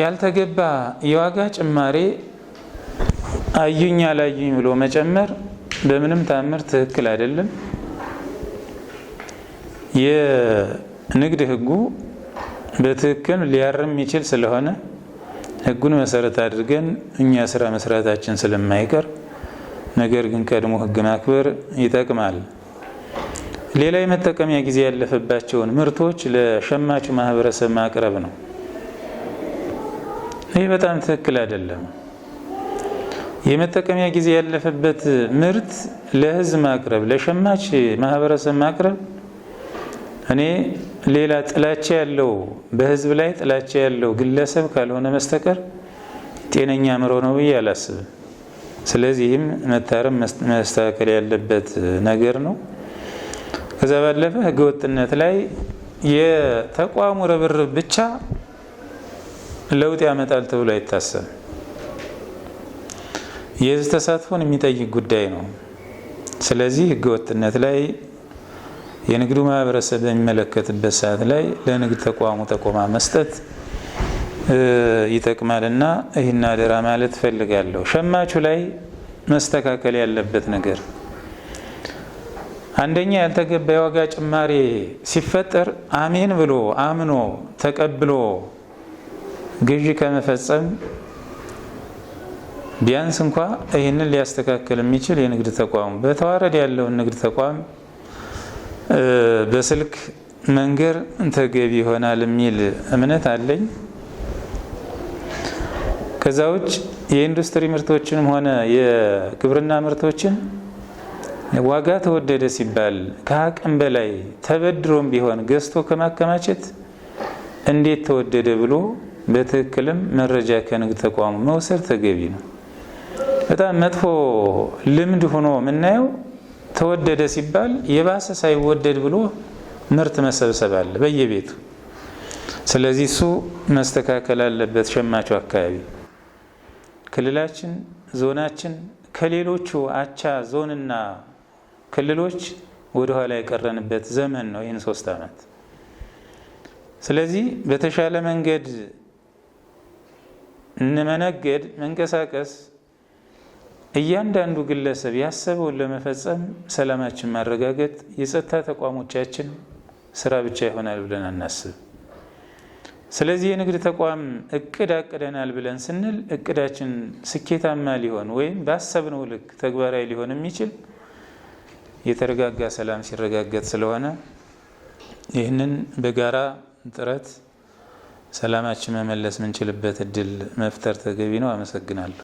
ያልተገባ የዋጋ ጭማሬ አዩኝ አላዩኝ ብሎ መጨመር በምንም ታምር ትክክል አይደለም። የንግድ ህጉ በትክክል ሊያርም የሚችል ስለሆነ ህጉን መሰረት አድርገን እኛ ስራ መስራታችን ስለማይቀር፣ ነገር ግን ቀድሞ ህግ ማክበር ይጠቅማል። ሌላ የመጠቀሚያ ጊዜ ያለፈባቸውን ምርቶች ለሸማቹ ማህበረሰብ ማቅረብ ነው። ይህ በጣም ትክክል አይደለም። የመጠቀሚያ ጊዜ ያለፈበት ምርት ለህዝብ ማቅረብ፣ ለሸማች ማህበረሰብ ማቅረብ እኔ ሌላ ጥላቻ ያለው በህዝብ ላይ ጥላቻ ያለው ግለሰብ ካልሆነ መስተቀር ጤነኛ አእምሮ ነው ብዬ አላስብም። ስለዚህም መታረም መስተካከል ያለበት ነገር ነው። ከዛ ባለፈ ህገወጥነት ላይ የተቋሙ ርብርብ ብቻ ለውጥ ያመጣል ተብሎ አይታሰብም። የህዝብ ተሳትፎን የሚጠይቅ ጉዳይ ነው። ስለዚህ ህገወጥነት ላይ የንግዱ ማህበረሰብ በሚመለከትበት ሰዓት ላይ ለንግድ ተቋሙ ተቆማ መስጠት ይጠቅማልና ይህን አደራ ማለት ፈልጋለሁ። ሸማቹ ላይ መስተካከል ያለበት ነገር አንደኛ ያልተገባ የዋጋ ጭማሬ ሲፈጠር አሜን ብሎ አምኖ ተቀብሎ ግዢ ከመፈጸም ቢያንስ እንኳ ይህንን ሊያስተካክል የሚችል የንግድ ተቋሙ በተዋረድ ያለውን ንግድ ተቋም በስልክ መንገር ተገቢ ይሆናል የሚል እምነት አለኝ። ከዛ ውጭ የኢንዱስትሪ ምርቶችንም ሆነ የግብርና ምርቶችን ዋጋ ተወደደ ሲባል ከአቅም በላይ ተበድሮም ቢሆን ገዝቶ ከማከማቸት እንዴት ተወደደ ብሎ በትክክልም መረጃ ከንግድ ተቋሙ መውሰድ ተገቢ ነው። በጣም መጥፎ ልምድ ሆኖ የምናየው ተወደደ ሲባል የባሰ ሳይወደድ ብሎ ምርት መሰብሰብ አለ በየቤቱ። ስለዚህ እሱ መስተካከል አለበት። ሸማቹ አካባቢ ክልላችን፣ ዞናችን ከሌሎቹ አቻ ዞንና ክልሎች ወደኋላ የቀረንበት ዘመን ነው ይህን ሶስት ዓመት። ስለዚህ በተሻለ መንገድ እንመነገድ መንቀሳቀስ እያንዳንዱ ግለሰብ ያሰበውን ለመፈጸም ሰላማችን ማረጋገጥ የጸጥታ ተቋሞቻችን ስራ ብቻ ይሆናል ብለን አናስብ። ስለዚህ የንግድ ተቋም እቅድ አቅደናል ብለን ስንል እቅዳችን ስኬታማ ሊሆን ወይም ባሰብነው ልክ ተግባራዊ ሊሆን የሚችል የተረጋጋ ሰላም ሲረጋገጥ ስለሆነ ይህንን በጋራ ጥረት ሰላማችን መመለስ ምንችልበት እድል መፍጠር ተገቢ ነው። አመሰግናለሁ።